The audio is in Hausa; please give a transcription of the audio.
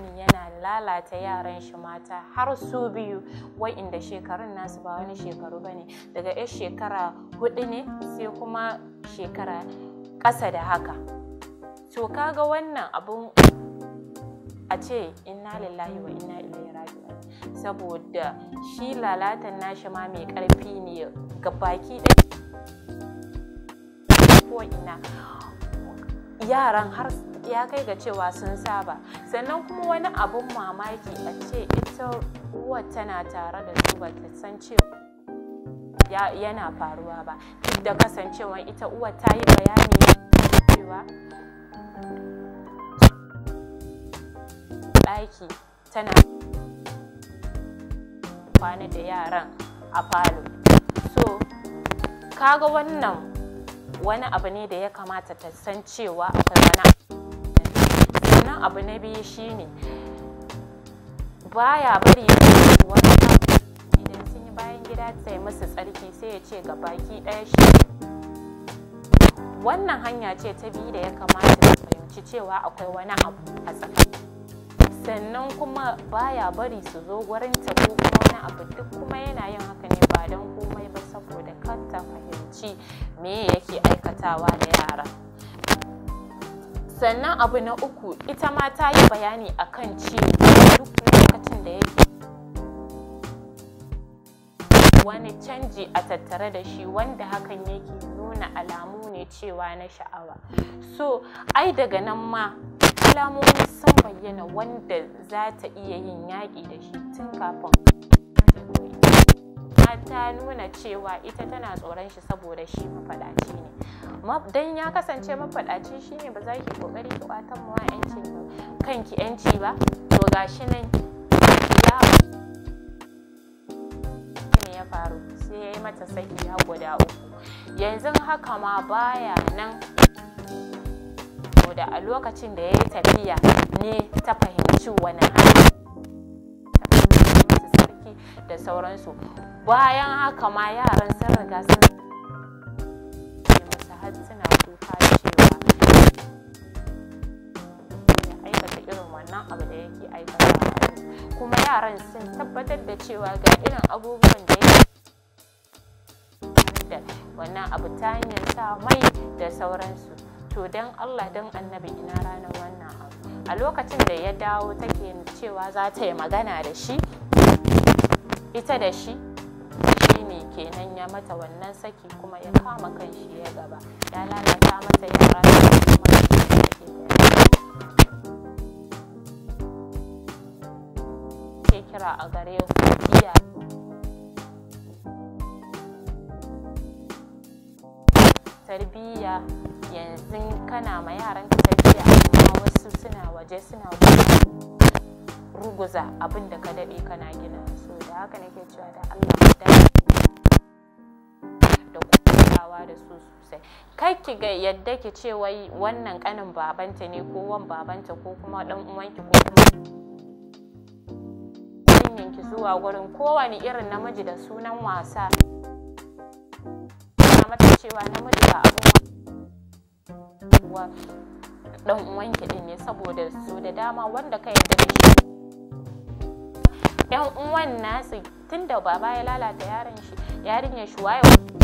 mutumi yana lalata yaran shi mata har su biyu wa'inda shekarun nasu ba wani shekaru ba ne daga 'yar shekara hudu ne sai kuma shekara ƙasa da haka to kaga wannan abun a ce inna lillahi wa inna ilaihi raji'un saboda shi lalatan nashi ma mai karfi ne ga baki ɗaya ko ina yaran har ya kai ga cewa sun saba sannan kuma wani abun mamaki a ce ita uwar tana tare da su ba san cewa yana faruwa ba duk da kasancewa ita uwar ta yi bayani cewa ɗaki tana kwana da yaran a falo so kaga wannan wani abu ne da ya kamata ta san cewa akwai wani abu na biyu shine baya bari wani idan sun yi bayan gida ta yi musu tsarki sai ya ce ga baki ɗaya shi wannan hanya ce ta biyu da ya kamata su fahimci cewa akwai wani abu a tsakani sannan kuma baya bari su zo gurin ta ko wani abu duk kuma yana yin haka ne ba don komai ba saboda kar ta fahimci me yake aikatawa da yara sannan abu na uku ita ma ta yi bayani a kan ci duk lokacin da yake wani canji a tattare da shi wanda hakan yake nuna alamu ne cewa na sha'awa so ai daga nan ma alamomi sun bayyana wanda za ta iya yin yaƙi da shi tun kafin ta nuna cewa ita tana tsoron shi saboda shi mafaɗaci ne don ya kasance mafaɗaci shi ne ba za ki ƙoƙari ki ƙwatan mu yanci kanki yanci ba to ga shi nan ya ne ya faru sai ya yi mata saki ya guda uku yanzu haka ma baya nan da a lokacin da ya yi tafiya ne ta fahimci wani ciki da sauransu bayan haka ma yaran sun riga sun musu har suna kuka cewa ya aikata irin wannan abu da yake aikata kuma yaran sun tabbatar da cewa ga irin abubuwan da yake da wannan abu ta hanyar sa mai da sauransu to don allah don annabi ina ranar wannan abu a lokacin da ya dawo take cewa za ta yi magana da shi ita da shi shi ne kenan ya mata wannan saki kuma ya kama kan shi ya gaba ya lalata mata yara ke kira a gare ku iya tarbiyya yanzu kana ma yaran tarbiyya amma wasu suna waje suna ruguza abin da ka daɗe kana gina so da haka nake cewa da Allah da da kulawa da su sosai kai ki ga yadda ki ce wai wannan kanin babanta ne ko wan babanta ko kuma dan uwanki ko kuma ki zuwa gurin kowane irin namiji da sunan wasa na mata cewa namiji ba abun wa dan uwanki din ne saboda su da dama wanda ka yarda da shi yan uwan nasu tunda baba ya lalata yaron shi yarinyar shi waye